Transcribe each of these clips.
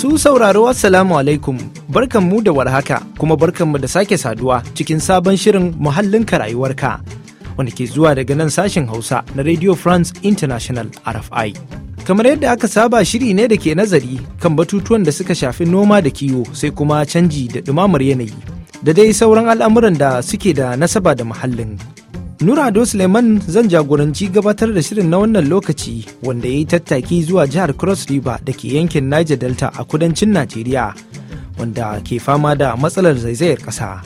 Su sauraro Assalamu alaikum barkanmu da warhaka kuma barkanmu da sake saduwa cikin sabon shirin muhallin rayuwarka wanda ke zuwa daga nan sashen Hausa na Radio France International RFI. Kamar yadda aka saba shiri ne da ke nazari kan batutuwan da suka shafi noma da kiwo sai kuma canji da ɗumamar yanayi da dai sauran al'amuran da suke da nasaba da muhallin. nura ado Suleiman zan jagoranci gabatar da shirin na wannan lokaci wanda ya yi tattaki zuwa jihar Cross River da ke yankin Niger Delta a kudancin Najeriya wanda ke fama da matsalar zaizayar ƙasa.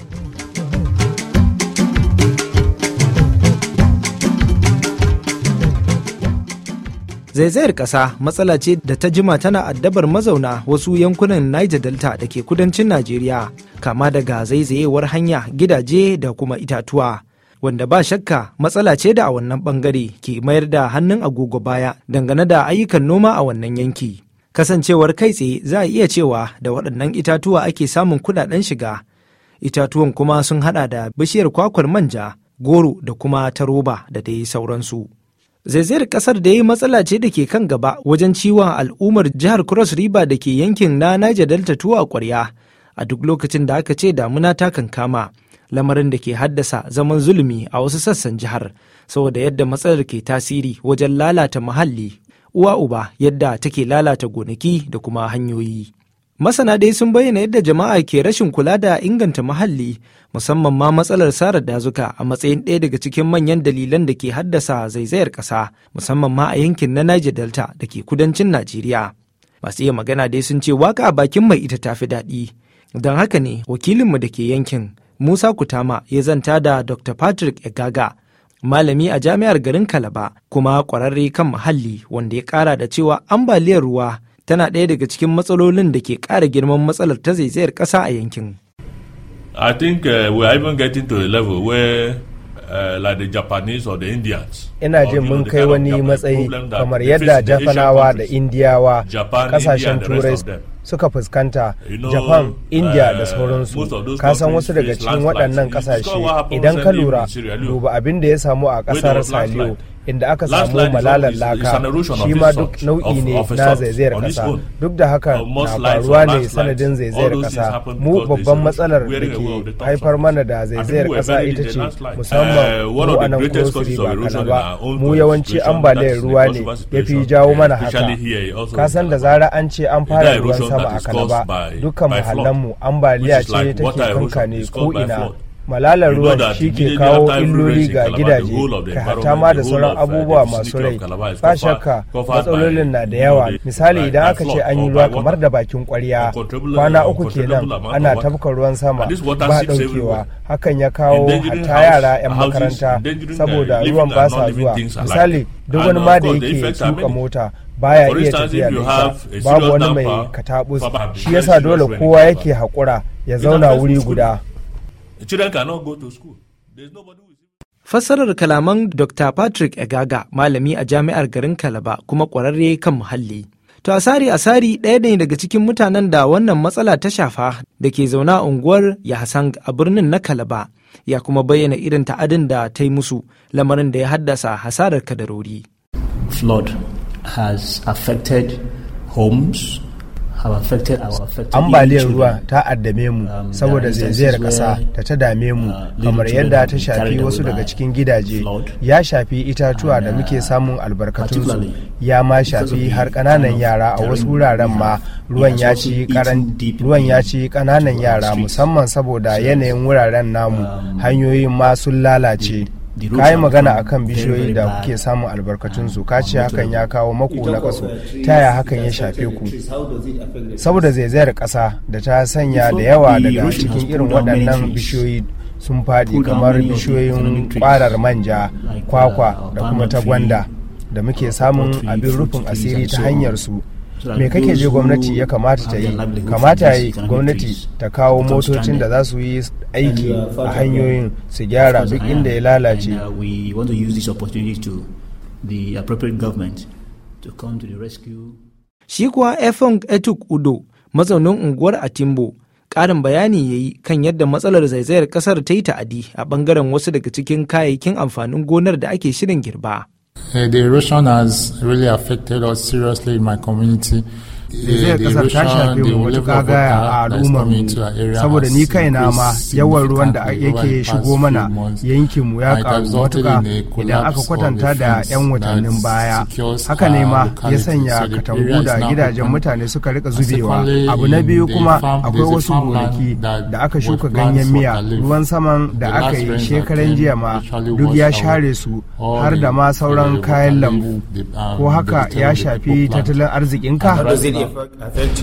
Zaizayar ƙasa matsala ce da ta jima tana addabar mazauna wasu yankunan Niger Delta da ke kudancin Najeriya, kama daga zaizayewar hanya, gidaje da kuma itatuwa. wanda ba shakka matsala ce da a wannan bangare ke mayar da hannun agogo baya dangane da ayyukan noma a wannan yanki. Kasancewar kai tsaye za a iya cewa da waɗannan itatuwa ake samun kudaden shiga. Itatuwan kuma sun haɗa da bishiyar kwakwar manja, goro da kuma ta roba da dai sauransu. zaizayar ƙasar da ya yi matsala ce da ke kan gaba wajen ciwon al'ummar jihar cross river da ke yankin na niger delta tuwa kwarya a duk lokacin da aka ce damuna ta kankama lamarin da ke haddasa zaman zulumi a wasu sassan jihar saboda yadda matsalar ke tasiri wajen lalata muhalli uwa uba yadda take lalata gonaki da kuma hanyoyi. Masana dai sun bayyana yadda jama'a ke rashin kula da inganta muhalli musamman ma matsalar sara dazuka a matsayin ɗaya daga cikin manyan dalilan da ke haddasa zaizayar ƙasa musamman ma a yankin na Niger Delta da ke kudancin Najeriya. Masu iya magana dai sun ce waka a bakin mai ita tafi daɗi. Don haka ne wakilinmu da ke yankin Musa Kutama ya zanta da Dr. Patrick Egaga, malami a jami'ar garin Kalaba kuma ƙwararre kan muhalli wanda ya ƙara da cewa ambaliyar ruwa tana ɗaya daga cikin matsalolin da ke ƙara girman matsalar ta zaizayar ƙasa a yankin. I think uh, we are even getting to the level where Uh, like the Japanese or the Indians. Ina jin mun kai wani matsayi kamar yadda Japanawa da Indiyawa kasashen Turai suka fuskanta japan eh, india da sauransu ka san wasu daga cikin waɗannan ƙasashe idan ka lura duba abin da ya samu a ƙasar saliyo inda aka samu malalan laka shi ma duk nau'i ne na zaizayar kasa duk da haka na faruwa ne sanadin zaizayar kasa mu babban matsalar da ke haifar mana da zaizayar kasa ita ce musamman eh, mu a nan kurosiri ba kana ba mu yawanci ambaliyar ruwa ne ya fi jawo mana haka kasan da zara an ce an fara ruwan ta ba a kana ba dukkan mahallanmu ambaliya ce take kankane ko ina malalar ruwan shi ke kawo illoli ga gidaje ka hata ma da sauran abubuwa masu rai ba shakka matsalolin na da yawa misali idan aka ce an yi ruwa kamar da bakin kwarya kwana uku kenan ana tafka ruwan sama ba daukewa hakan ya kawo hata yara 'yan makaranta uh, saboda ruwan ba sa zuwa misali duk wani ma da yake tuka mota baya iya tafiya da ita babu wani mai katabus shi yasa dole kowa yake haƙura ya zauna wuri guda fassarar kalaman dr patrick egaga malami a jami'ar garin kalaba kuma ƙwararre kan muhalli to asari asari ɗaya ne daga cikin mutanen da wannan matsala ta shafa da ke zauna unguwar yahasang a birnin na kalaba ya kuma bayyana irin ta'adin da ta yi musu lamarin da ya haddasa hasarar kadarori flood has affected homes ambaliyar ruwa ta addame mu um, saboda zaizayar kasa da ta dame mu uh, kamar yadda ta shafi wasu daga cikin gidaje ya shafi itatuwa da muke uh, samun albarkatunsu ya ma shafi har kananan yara a wasu wuraren ma ruwan ya ci kananan yara musamman saboda yanayin wuraren namu um, hanyoyin ma sun lalace ka yi magana a kan bishiyoyi da kuke samun su ka ce hakan ya kawo maku na kaso ta yaya hakan ya shafe ku saboda zaizayar kasa da ta sanya da yawa daga cikin irin waɗannan bishiyoyi sun faɗi kamar bishiyoyin kwarar manja uh, kwakwa da kuma ta gwanda da muke samun abin rufin asiri ta hanyar su me kake je gwamnati ya kamata ta yi kamata yi gwamnati ta kawo motocin da za su yi uh, aiki a hanyoyin su gyara duk inda ya lalace uh, Shi kuwa Efong Etuk Udo, mazaunin unguwar a timbo ƙarin bayani ya yi kan yadda matsalar zaizayar ƙasar ta yi ta'adi a ɓangaren wasu daga cikin kayayyakin amfanin gonar da ake shirin girba. uh, the erosion has really affected us seriously in my community. zaizayar ƙasar ta shafe mu matuƙa gaya a al'ummar mu saboda ni kai na ma yawan ruwan da yake shigo mana yankin mu ya karu matuƙa idan aka kwatanta da 'yan watannin baya haka ne ma ya sanya katangu da gidajen mutane suka rika zubewa abu na biyu kuma akwai wasu gonaki da aka shuka ganyen miya ruwan saman da aka yi shekaran jiya ma duk ya share su har da ma sauran kayan lambu um, ko haka ya shafi tattalin arzikinka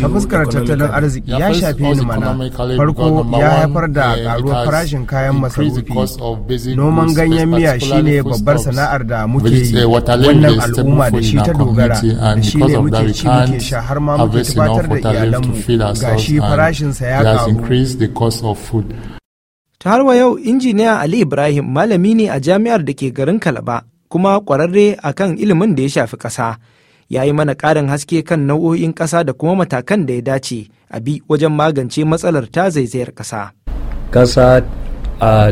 ta fuskar tattalin arziki ya shafi ni mana farko ya haifar da eh, karuwar farashin kayan masarufi noman ganyen miya shine babbar sana'ar da muke yi eh, wannan al'umma da shi ta dogara da shi ne muke ci muke sha har ma muke tubatar da iyalanmu ga shi farashinsa ya karu ta harwa yau injiniya ali ibrahim malami ne a jami'ar da ke garin kalaba kuma kwararre akan ilimin da ya shafi ƙasa. ya yi mana ƙarin haske kan nau'o'in ƙasa da kuma matakan da ya dace a bi wajen magance matsalar ta zaizayar ƙasa. ƙasa a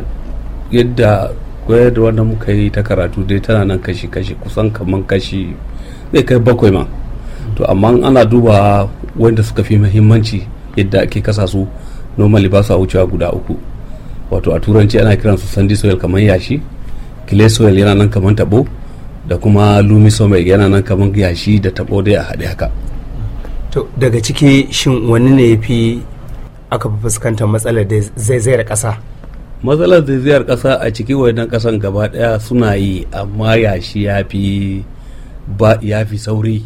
yadda koyar da wanda muka yi ta karatu dai tana nan kashi-kashi kusan kamar kashi zai kai bakwai ma to amma ana duba wanda suka fi muhimmanci yadda ake kasa su normally ba su wucewa guda uku wato a turanci ana kiransu sandy soil kamar yashi clay soil yana nan kamar taɓo. da kuma lumi mai yana nan kamar yashi da tabo dai a haɗe haka to daga ciki shin wani ne fi aka fi fuskantar matsalar zaizayar ƙasa matsalar zaizayar ƙasa a ciki wannan ƙasan gaba ɗaya suna yi amma yashi ya fi sauri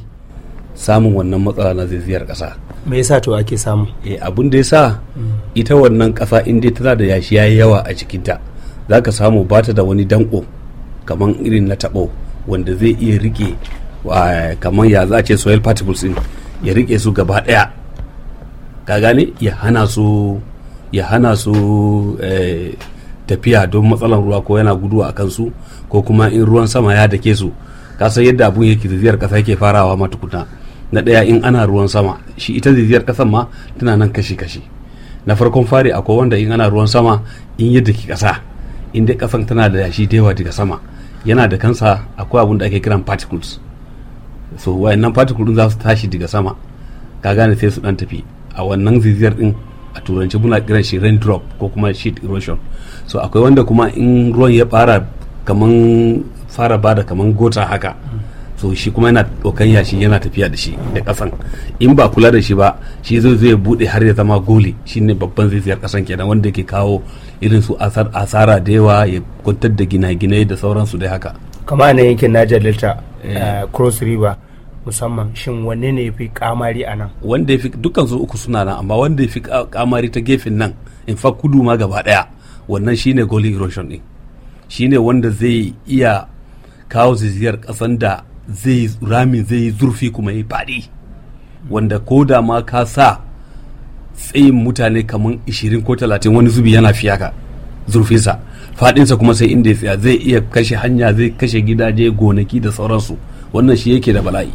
samun wannan matsala na zaizayar ƙasa me yasa to ake samu eh abin da yasa mm. ita wannan ƙasa in dai tana da yashi yayi yawa a cikinta zaka samu bata da wani danko kamar irin na taɓo wanda zai iya rike kamar ya za ce soil particles din ya rike su gaba daya ka gane ya hana su ya hana su eh, tafiya don matsalan ruwa ko yana gudu a kansu ko kuma in ruwan sama ya dake su ka yadda abun yake zaiziyar kasa yake farawa matukuna na daya in ana ruwan sama shi ita zaiziyar kasan ma tana nan kashi kashi na farkon fari akwai wanda in ana ruwan sama in yadda ki kasa in dai kasan tana da yashi da yawa daga sama yana da kansa akwai abin da ake kiran particles so wayannan particles za su tashi daga sama ka gane sai su dan tafi a wannan ziziyar din a turanci muna kiran shi rain drop ko kuma sheet erosion so akwai wanda kuma in ruwan ya fara kaman fara bada kaman gota haka so shi kuma yana ɗaukan yashi yana tafiya da shi da kasan in ba kula da shi ba shi zai zai bude har ya zama goli shine babban zaizayar kasan kenan wanda yake kawo irin su asara da yawa ya kwantar da gina gine da sauransu dai haka kama na yankin Niger Delta eh. Eh, Cross River musamman shin wanne ne fi kamari a nan wanda fi dukkan su uku suna nan amma wanda fi kamari ta gefen nan in fa kudu ma gaba daya wannan shine goli erosion din shine wanda zai iya kawo ziziyar kasan da zai rami zai yi zurfi kuma ya faɗi wanda ko da ma ka sa tsayin mutane kamar ishirin ko talatin wani zubi yana fiyaka zurfinsa faɗinsa kuma sai inda ya tsaya zai iya kashe hanya zai kashe gidaje gonaki da sauransu wannan shi yake da bala'i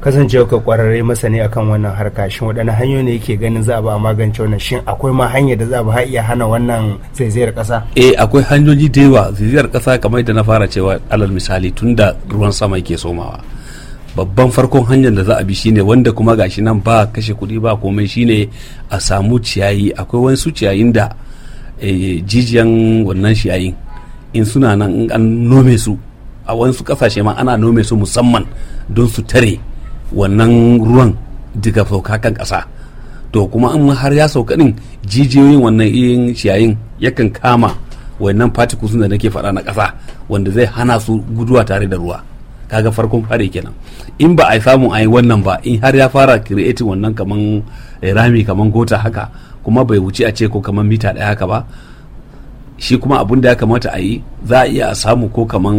kasancewa ka kwararre masani akan wannan harka shin waɗanne hanyoyi ne yake ganin za a ba a magance wannan shin akwai ma hanya da za a ba iya hana wannan zaizayar kasa eh akwai hanyoyi da yawa zaizayar kasa kamar da na fara cewa alal misali tunda ruwan sama yake somawa babban farkon hanyar da za a bi shine wanda kuma gashi nan ba kashe kuɗi ba komai shine a samu ciyayi akwai wasu ciyayin da eh, jijiyan wannan ciyayin in suna nan an nome su a wasu kasashe ma ana nome su musamman don su tare wannan ruwan daga sauka kan ƙasa to kuma in har ya sauka din jijiyoyin wannan iyin ciyayin yakan kama wannan particles da nake faɗa na ƙasa wanda zai hana su guduwa tare da ruwa kaga farkon fare kenan in ba a samu a yi wannan ba in har ya fara kireti wannan kaman eh, rami kaman gota haka kuma bai wuce a ce ko kaman mita ɗaya haka ba shi kuma abun da ya kamata a yi za a iya a samu ko kaman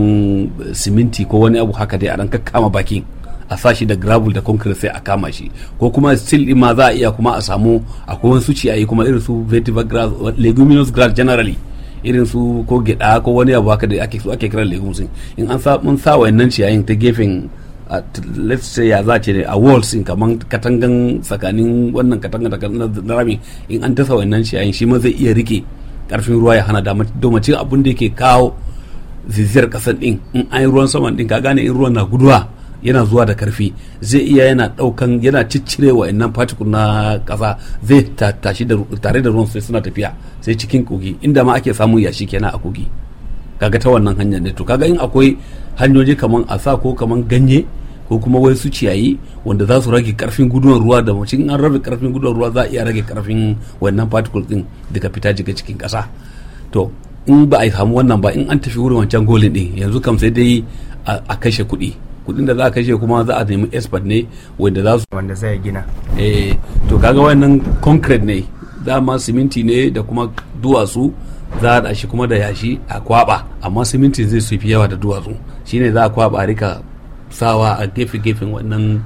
eh, siminti ko wani abu haka dai a ranka kama bakin a sashi da gravel da concrete sai a kama shi ko kuma still din ma za a iya kuma a samu akwai wasu ciyayi kuma irin su vetiver grass leguminous grass generally irin su ko gida ko wani abu haka da ake su ake kira legumes in an sa mun sa wayannan ciyayin ta gefen let's say ya za ce ne a walls in kaman katangan tsakanin wannan katangan na rami in an tasa wannan ciyayin shi ma zai iya rike karfin ruwa ya hana domacin abin da yake kawo ziziyar kasan din in an ruwan saman din ka gane in ruwan na guduwa yana zuwa da karfi zai iya yana daukan yana ciccire wa'annan fatikul na kasa zai tashi tare da ruwan sai suna tafiya sai cikin kogi inda ma ake samun yashi kenan a kogi kaga ta wannan hanyar ne to kaga in akwai hanyoyi kaman asa ko kaman ganye ko kuma wai su ciyayi wanda za su rage karfin guduwar ruwa da cikin an rage karfin guduwar ruwa za a iya rage karfin wannan particle din daga fita jiga cikin kasa to in ba a samu wannan ba in an tafi wurin wancan golin din yanzu kam sai dai a kashe kuɗi kuɗin da za a kashe kuma za a nemi expert ne wanda za su wanda zai gina eh to kaga wannan concrete ne dama siminti ne da kuma duwatsu za a shi kuma da yashi a kwaba amma siminti zai su fi yawa da duwatsu shi ne za a kwaba rika sawa a gefe-gefen wannan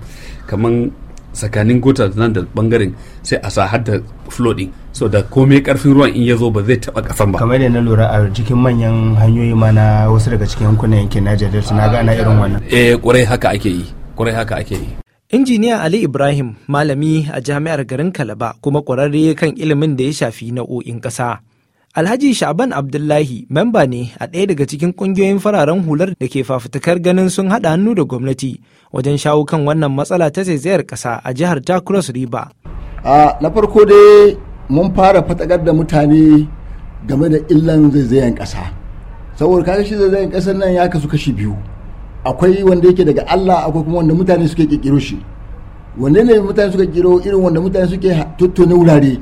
kaman tsakanin gutar nan da bangaren sai a sa da. flooding so da komai karfin ruwan in ya zo ba zai taba kasan ba kamar da na lura a cikin manyan hanyoyi ma na wasu daga cikin yankunan yankin Niger Delta na gana irin wannan eh kurai haka ake yi kurai haka ake yi Injiniya Ali Ibrahim malami a jami'ar garin Kalaba kuma kwararre kan ilimin da ya shafi nau'o'in ƙasa. Alhaji Shaban Abdullahi memba ne a ɗaya daga cikin ƙungiyoyin fararen hular da ke fafutukar ganin sun haɗa hannu da gwamnati wajen shawo kan wannan matsala ta zaizayar ƙasa a jihar ta River. na farko dai mun fara fatagar da mutane game da illan zaizayen kasa. saboda kaga shi zaizayen ƙasar nan ya kasu kashi biyu akwai wanda yake daga Allah akwai kuma wanda mutane suke kirkiro shi wanda ne mutane suka kiro irin wanda mutane suke tottone wurare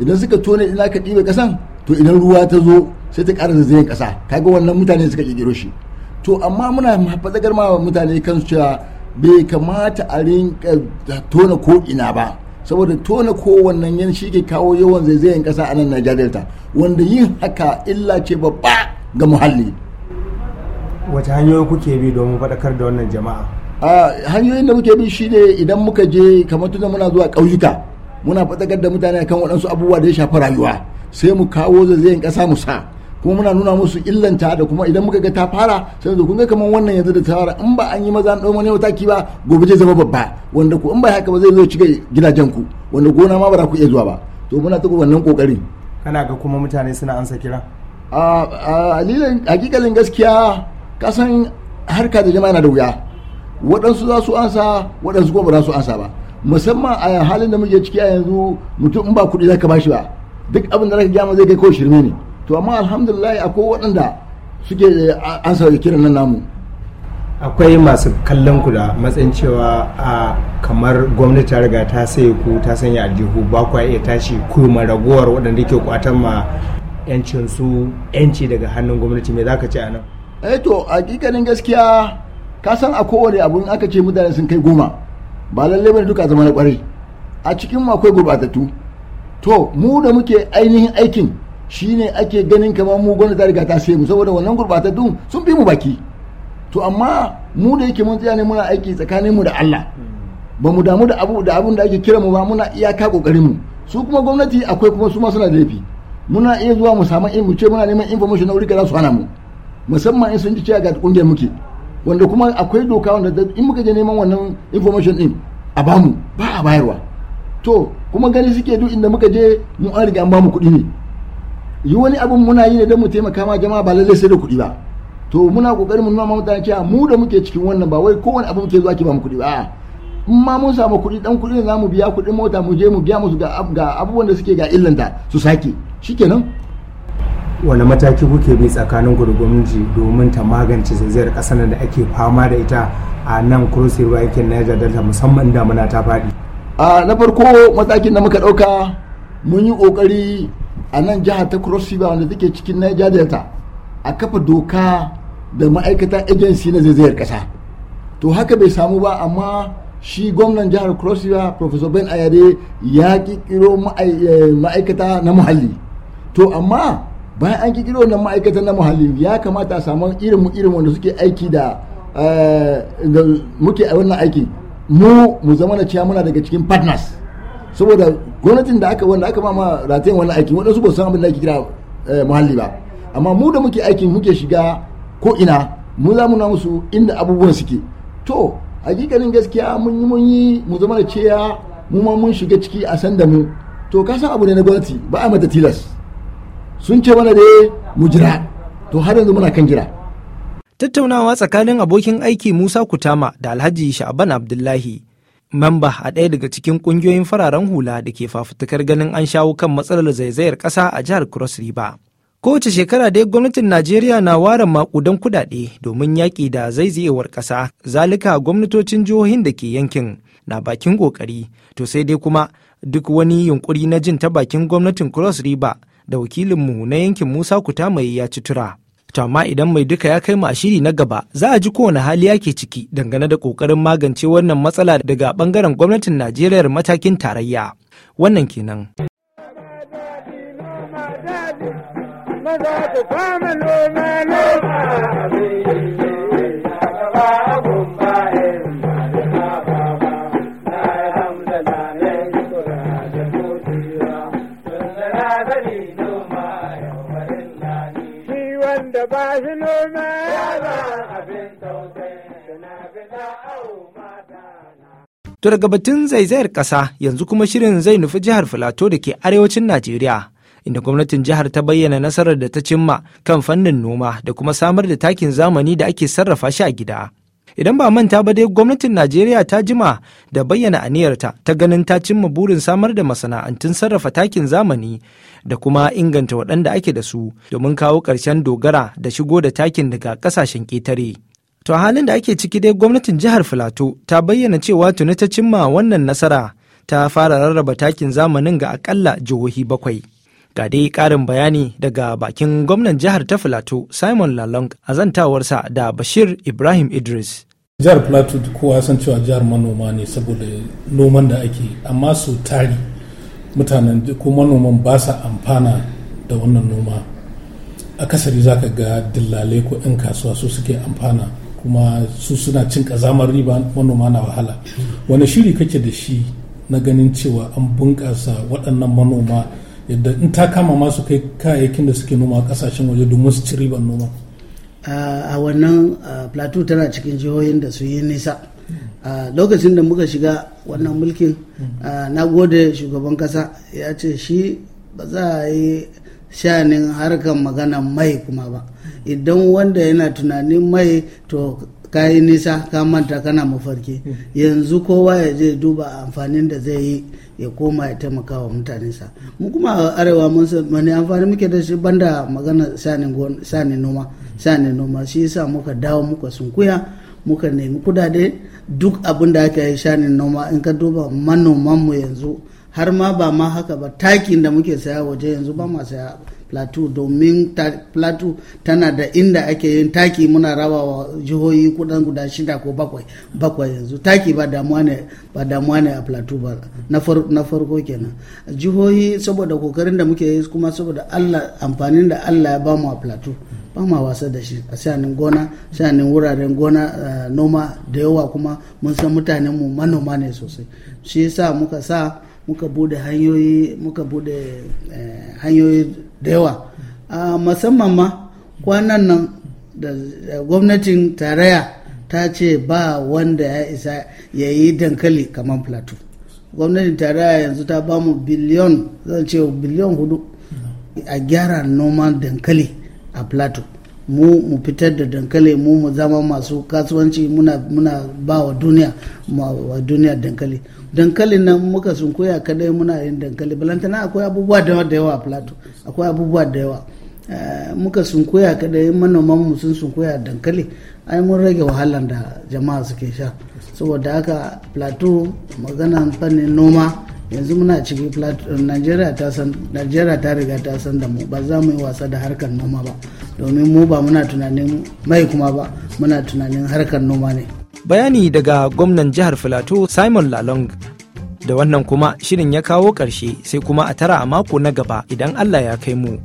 idan suka tone ina ka ɗibe ƙasan to idan ruwa ta zo sai ta ƙara zaizayen ƙasa kaga wannan mutane suka kirkiro shi to amma muna fatagar ma mutane kan cewa bai kamata a rinka tona ko ina ba saboda tona kowannan yan shi ke kawo yawan zaizayen kasa a nan Niger Delta wanda yin haka illa ce babba ga muhalli wace hanyoyi kuke bi domin faɗakar da wannan jama'a a hanyoyin da muke bi shine idan muka je kamar tunda muna zuwa ƙauyuka muna faɗakar da mutane kan waɗansu abubuwa da ya shafi rayuwa sai mu kawo zaizayen ƙasa mu sa kuma muna nuna musu illanta da kuma idan muka ga ta fara sai zo kun ga kamar wannan yanzu da ta fara in ba an yi maza an wani mataki ba gobe zai zama babba wanda ku in ba haka ba zai zo cika gidajen ku wanda gona ma ba za ku iya zuwa ba to muna ta wannan kokarin kana ga kuma mutane suna ansa kira a hakikalin gaskiya kasan harka da jama'a na da wuya waɗansu za su ansa waɗansu kuma ba za su ansa ba musamman a halin da muke ciki a yanzu mutum in ba kuɗi za ka bashi ba duk abin da zaka ka gyama zai kai ko shirme ne to amma alhamdulillah akwai waɗanda suke an sauya kiran nan namu akwai masu kallon ku da matsayin cewa a kamar gwamnati ta riga ta sai ku ta sanya aljihu ba ku iya tashi ku ma ragowar waɗanda ke kwatan ma yancin su yanci daga hannun gwamnati me zaka ce a nan eh to hakikanin gaskiya ka san a kowane abu aka ce mutane sun kai goma ba lalle bane duka zama na kwarai a cikin akwai gurbatattu to mu da muke ainihin aikin Shi ne ake ganin kamar mu gwamnati ta riga ta sai mu saboda wannan gurbatattun sun fi mu baki to amma mu da yake mun tsaya ne muna aiki tsakanin mu da Allah ba mu damu da abu da abun da ake kira mu ba muna iyaka kokarin mu su kuma gwamnati akwai kuma su ma suna da muna iya zuwa mu samu mu ce muna neman information na wurin kaza su hana mu musamman in sun ji cewa ga kungiyar muke wanda kuma akwai doka wanda in muka je neman wannan information din a bamu ba a bayarwa to kuma gani suke duk inda muka je mu an riga an bamu kuɗi ne yi wani abin muna yi ne don mu taimaka ma jama'a ba lallai sai da kuɗi ba to muna kokarin mu nuna mutane cewa mu da muke cikin wannan ba wai kowane abu muke zuwa ki ba mu kuɗi ba in ma mun samu kuɗi dan kuɗi ne zamu biya kuɗin mota mu je mu biya musu ga abubuwan da suke ga illanta su sake shikenan wani mataki kuke bi tsakanin ku da domin ta magance zaizayar ƙasar da ake fama da ita a nan cross river yankin Niger Delta musamman damuna ta faɗi a na farko matakin da muka ɗauka mun yi ƙoƙari a nan jihar ta cross river wanda take cikin naija delta a kafa doka da ma'aikata agency na zaizayar kasa to haka bai samu ba amma shi gwamnan jihar cross river professor ben ayade ya kikiro eh, ma'aikata na muhalli to amma bayan an kikiro na ma'aikata na muhalli ya kamata a samu irin irin wanda suke aiki eh, da muke a wannan aiki mu mu zama na ciya muna daga cikin partners saboda gwamnatin da aka wanda aka ba ma ratayen wannan aikin waɗansu ba san abin da ake kira eh, muhalli ba amma mu da muke aikin muke shiga ko ina mu za mu na musu inda abubuwan suke to hakikanin gaskiya mun yi mun yi mu zama da cewa mu ma mun shiga ciki a san da mu to ka san abu ne na gwamnati ba a mata tilas sun ce mana dai mu jira to har yanzu muna kan jira tattaunawa tsakanin abokin aiki Musa Kutama da Alhaji Sha'ban Abdullahi mamba a ɗaya daga cikin ƙungiyoyin fararen hula da ke fafutukar ganin an shawo kan matsalar zaizayar ƙasa a jihar cross river kowace shekara dai gwamnatin najeriya na ware makudan kudade domin yaƙi da zaizayewar ƙasa zalika gwamnatocin jihohin da ke yankin na bakin ƙoƙari to sai dai kuma duk wani yunƙuri na jin ta bakin gwamnatin cross river da wakilinmu na yankin musa kuta ya ci tura To amma idan mai duka ya kai mu a shiri na gaba za a ji kowane hali yake ciki dangane da kokarin magance wannan matsala daga bangaren gwamnatin Najeriya matakin tarayya. Wannan kenan. Maza To daga batun zaizayar ƙasa yanzu kuma shirin zai nufi jihar Filato da ke arewacin Najeriya. Inda gwamnatin jihar ta bayyana nasarar da ta cimma kan fannin noma da kuma samar da takin zamani da ake sarrafa shi a gida. Idan ba manta ba dai gwamnatin Najeriya ta jima da bayyana aniyarta ta ganin ta cimma burin samar da masana'antun sarrafa takin zamani da kuma inganta waɗanda ake da su domin kawo ƙarshen dogara da shigo da takin daga ƙasashen ƙetare. To halin da ake ciki dai gwamnatin jihar Filato ta bayyana cewa tuni ta cimma wannan nasara ta fara rarraba takin zamanin ga akalla jihohi bakwai. Ga dai ƙarin bayani daga bakin gwamnan jihar ta Filato Simon Lalong a zantawarsa da Bashir Ibrahim Idris. Jihar Filato kowa san cewa jihar manoma ne saboda noman da ake amma su tari mutanen ko manoman ba sa amfana da wannan noma. Akasari za ka ga dillalai ko 'yan kasuwa su suke amfana kuma su suna cin kazamar riba manoma na wahala wani shiri kake da shi na ganin cewa an bunƙasa waɗannan manoma yadda in ta kama masu kai kayayyakin da suke noma a ƙasashen waje domin su ci riban noma a wannan plateau tana cikin jihohin da su yi nisa lokacin da muka shiga wannan mulkin na gode shugaban kasa ya ce shi ba za a yi shanin harkar magana mai kuma ba idan wanda yana tunanin mai to ka yi nisa ka manta kana mafarki yanzu kowa ya je duba amfanin da zai yi ya koma ya taimaka wa sa mu kuma a arewa mun mani amfani muke da shi banda magana sani noma sani noma shi yasa muka dawo muka sunkuya muka nemi kudade duk abin da aka yi shanin noma in ka duba manomanmu yanzu har ma ba ma haka ba takin da muke saya waje yanzu ba ma saya plateau domin plateau tana da inda ake yin taki muna raba wa jihohi kudan guda shida ko bakwai bakwai yanzu taki ba damuwa ne ba damuwa ne a plateau ba na farko kenan jihohi saboda kokarin da muke yi kuma saboda Allah amfanin da Allah ya bamu a plateau ba ma wasa da shi a sanin gona sanin wuraren gona noma da yawa kuma mun san mutanen mu manoma ne sosai shi yasa muka sa muka bude hanyoyi muka bude eh, hanyoyi da yawa a musamman ma kwanan nan da gwamnatin tarayya ta ce ba wanda ya isa ya yi dankali kamar plateau gwamnatin tarayya yanzu ta ba mu biliyon zan ce biliyon hudu a gyara noman dankali a plateau mu mu fitar da dankali mu mu zama masu kasuwanci muna muna ba wa duniya wa duniya dankali dankali nan muka sun koya kadai muna yin dankali balantana akwai abubuwa da yawa da yawa a akwai abubuwa da yawa eh, muka sun koya kadai manoman mu sun sun koya dankali ai mun rage wahala da jama'a suke sha saboda haka plato maganan fannin noma yanzu muna cikin najeriya ta san nigeria ta riga ta san da mu ba za mu yi wasa da harkar noma ba domin mu ba muna tunanin mai kuma ba muna tunanin harkar noma ne bayani daga gwamnan jihar filato simon lalong da wannan kuma shirin ya kawo ƙarshe sai kuma a tara a mako na gaba idan allah ya kai mu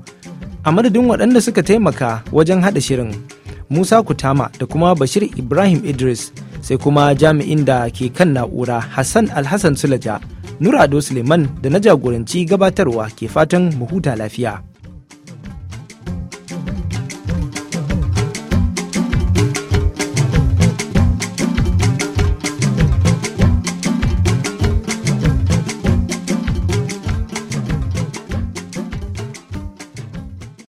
a madadin waɗanda suka taimaka wajen haɗa shirin Musa Kutama da kuma Bashir Ibrahim Idris sai kuma jami'in da ke kan na'ura Hassan Alhassan Sulaja, Nura Ado Suleiman da na jagoranci gabatarwa ke fatan mu huta lafiya.